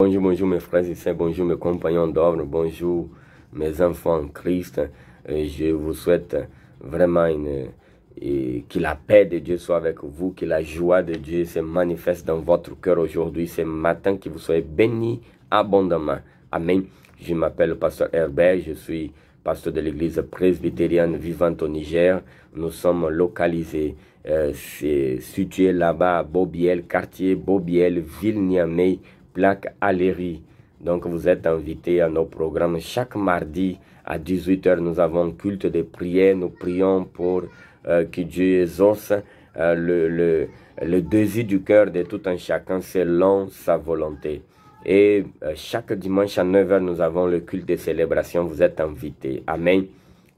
Bonjour, bonjour mes frères et sœurs, bonjour mes compagnons d'œuvre, bonjour mes enfants en Christ. Euh, je vous souhaite vraiment que la paix de Dieu soit avec vous, que la joie de Dieu se manifeste dans votre cœur aujourd'hui, ce matin, que vous soyez bénis abondamment. Amen. Je m'appelle le Pasteur Herbert, je suis pasteur de l'église presbytérienne vivante au Niger. Nous sommes localisés, euh, situés là-bas à Bobiel, quartier Bobiel, ville Niamey, plaque Alérie. Donc vous êtes invités à nos programmes. Chaque mardi à 18h, nous avons culte de prière. Nous prions pour euh, que Dieu exauce euh, le, le, désir du cœur de tout un chacun selon sa volonté. Et euh, chaque dimanche à 9h, nous avons le culte de célébration. Vous êtes invités. Amen.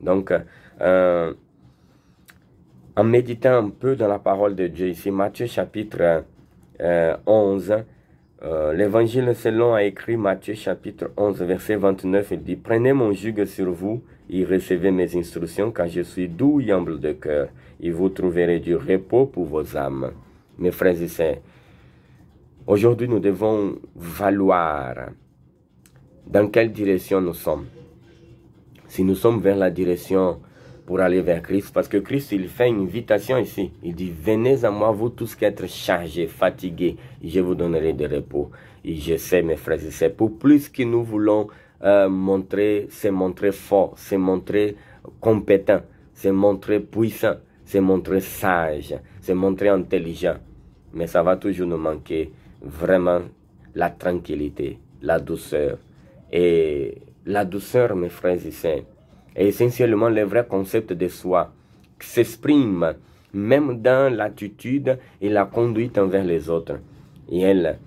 Donc, en méditant un peu dans la parole de Dieu ici, Matthieu chapitre 11, euh, l'évangile selon a écrit Matthieu chapitre 11 verset 29, il dit « Prenez mon jug sur vous et recevez mes instructions car je suis doux et humble de cœur et vous trouverez du repos pour vos âmes. » Mes frères et sœurs, aujourd'hui nous devons valoir dans quelle direction nous sommes. Si nous sommes vers la direction pour aller vers Christ. Parce que Christ, il fait une invitation ici. Il dit, venez à moi, vous tous qui êtes chargés, fatigués, je vous donnerai des repos. Et je sais, mes frères et sœurs, pour plus que nous voulons euh, montrer, C'est montrer fort, C'est montrer compétent, C'est montrer puissant, C'est montrer sage, C'est montrer intelligent. Mais ça va toujours nous manquer vraiment la tranquillité, la douceur. Et la douceur, mes frères et sœurs, et essentiellement, le vrai concept de soi s'exprime même dans l'attitude et la conduite envers les autres. Et elle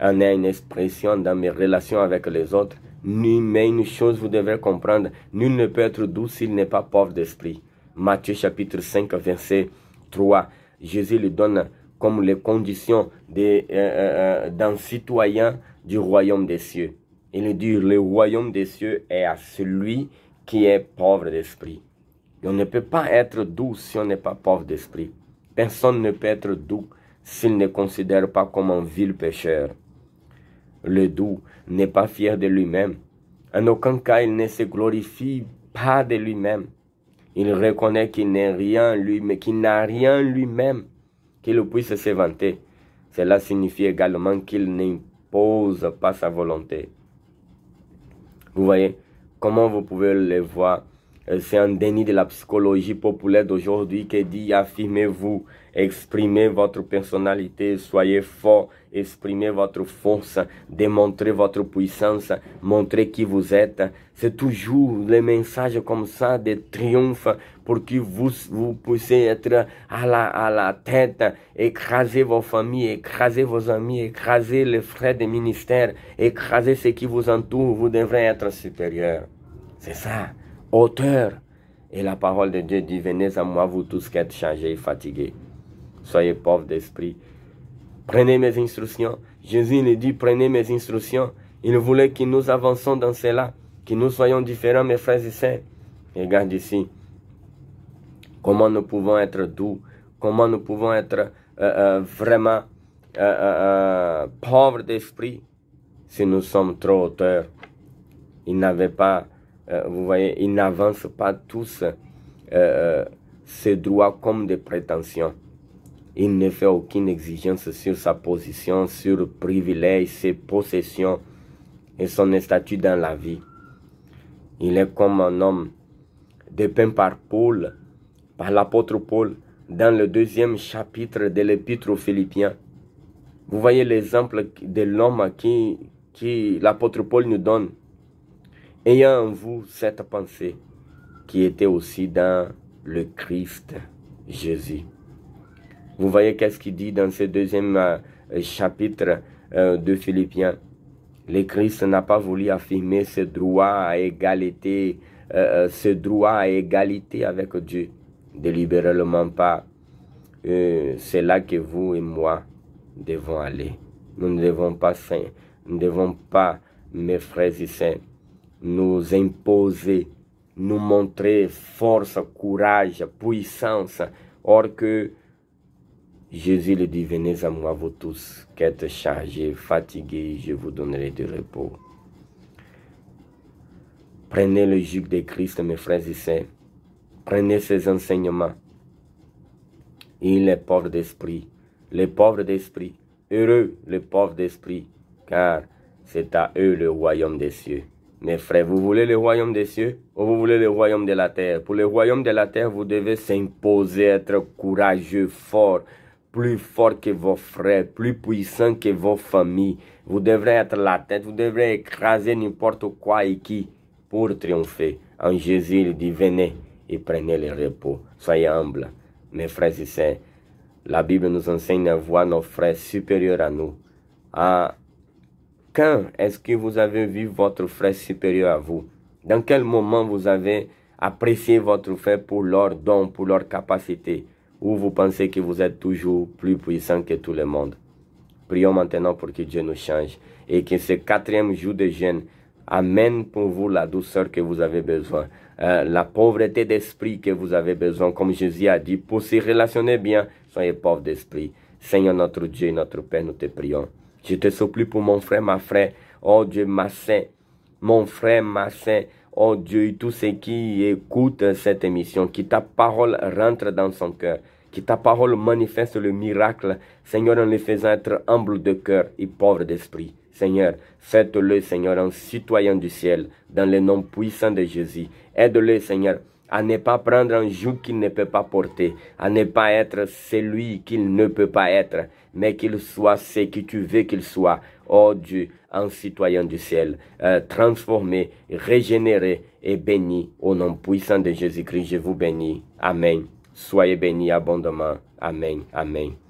en est une expression dans mes relations avec les autres. Mais une chose vous devez comprendre, nul ne peut être doux s'il n'est pas pauvre d'esprit. Matthieu chapitre 5, verset 3. Jésus lui donne comme les conditions euh, euh, euh, d'un citoyen du royaume des cieux. Il dit, le royaume des cieux est à celui qui est pauvre d'esprit. On ne peut pas être doux si on n'est pas pauvre d'esprit. Personne ne peut être doux s'il ne considère pas comme un vil pécheur. Le doux n'est pas fier de lui-même. En aucun cas, il ne se glorifie pas de lui-même. Il reconnaît qu'il n'est rien lui, mais qu'il n'a rien lui-même qu'il puisse se vanter. Cela signifie également qu'il n'impose pas sa volonté. Vous voyez, comment vous pouvez les voir. Euh, c'est un déni de la psychologie populaire d'aujourd'hui qui dit affirmez-vous, exprimez votre personnalité, soyez fort, exprimez votre force, démontrez votre puissance, montrez qui vous êtes. C'est toujours le messages comme ça de triomphe pour que vous, vous puissiez être à la, à la tête, écraser vos familles, écraser vos amis, écraser les frais des ministères, écraser ce qui vous entoure. Vous devrez être supérieur. C'est ça, auteur. Et la parole de Dieu dit, venez à moi, vous tous qui êtes chargés et fatigués. Soyez pauvres d'esprit. Prenez mes instructions. Jésus lui dit, prenez mes instructions. Il voulait que nous avançons dans cela, que nous soyons différents, mes frères et sœurs. Regarde ici. Comment nous pouvons être doux. Comment nous pouvons être euh, euh, vraiment euh, pauvres d'esprit si nous sommes trop auteurs. Il n'avait pas euh, vous voyez, il n'avance pas tous ses euh, euh, droits comme des prétentions. Il ne fait aucune exigence sur sa position, sur le privilège, ses possessions et son statut dans la vie. Il est comme un homme dépeint par Paul, par l'apôtre Paul, dans le deuxième chapitre de l'épître aux Philippiens. Vous voyez l'exemple de l'homme qui, qui l'apôtre Paul nous donne ayant en vous cette pensée qui était aussi dans le Christ Jésus. Vous voyez qu'est-ce qu'il dit dans ce deuxième euh, chapitre euh, de Philippiens. Le Christ n'a pas voulu affirmer ce droit à égalité, ce euh, droit à égalité avec Dieu, délibérément pas. C'est là que vous et moi devons aller. Nous ne devons pas, nous ne devons pas, mes frères et nous imposer, nous montrer force, courage, puissance, or que Jésus le dit, venez à moi vous tous qui êtes chargés, fatigués, je vous donnerai du repos. Prenez le jug de Christ, mes frères et sœurs. Prenez ses enseignements. Il est pauvre d'esprit. Les pauvres d'esprit. Heureux les pauvres d'esprit, car c'est à eux le royaume des cieux. Mes frères, vous voulez le royaume des cieux ou vous voulez le royaume de la terre Pour le royaume de la terre, vous devez s'imposer, être courageux, fort, plus fort que vos frères, plus puissant que vos familles. Vous devrez être la tête, vous devrez écraser n'importe quoi et qui pour triompher. En Jésus, il dit, venez et prenez le repos. Soyez humbles, mes frères et sœurs. La Bible nous enseigne à voir nos frères supérieurs à nous, à quand est-ce que vous avez vu votre frère supérieur à vous Dans quel moment vous avez apprécié votre frère pour leur don, pour leur capacité Ou vous pensez que vous êtes toujours plus puissant que tout le monde Prions maintenant pour que Dieu nous change et que ce quatrième jour de jeûne amène pour vous la douceur que vous avez besoin, euh, la pauvreté d'esprit que vous avez besoin. Comme Jésus a dit, pour se relationner bien, soyez pauvres d'esprit. Seigneur notre Dieu, notre Père, nous te prions. Je te supplie pour mon frère, ma frère. Oh Dieu, ma saint. Mon frère, ma saint. Oh Dieu, tous ceux qui écoutent cette émission, que ta parole rentre dans son cœur. Que ta parole manifeste le miracle, Seigneur, en les faisant être humble de cœur et pauvres d'esprit. Seigneur, faites-le, Seigneur, en citoyen du ciel, dans le nom puissant de Jésus. Aide-le, Seigneur, à ne pas prendre un joug qu'il ne peut pas porter, à ne pas être celui qu'il ne peut pas être, mais qu'il soit ce que tu veux qu'il soit, oh Dieu, un citoyen du ciel, euh, transformé, régénéré et béni au nom puissant de Jésus-Christ. Je vous bénis. Amen. Soyez bénis abondamment. Amen. Amen.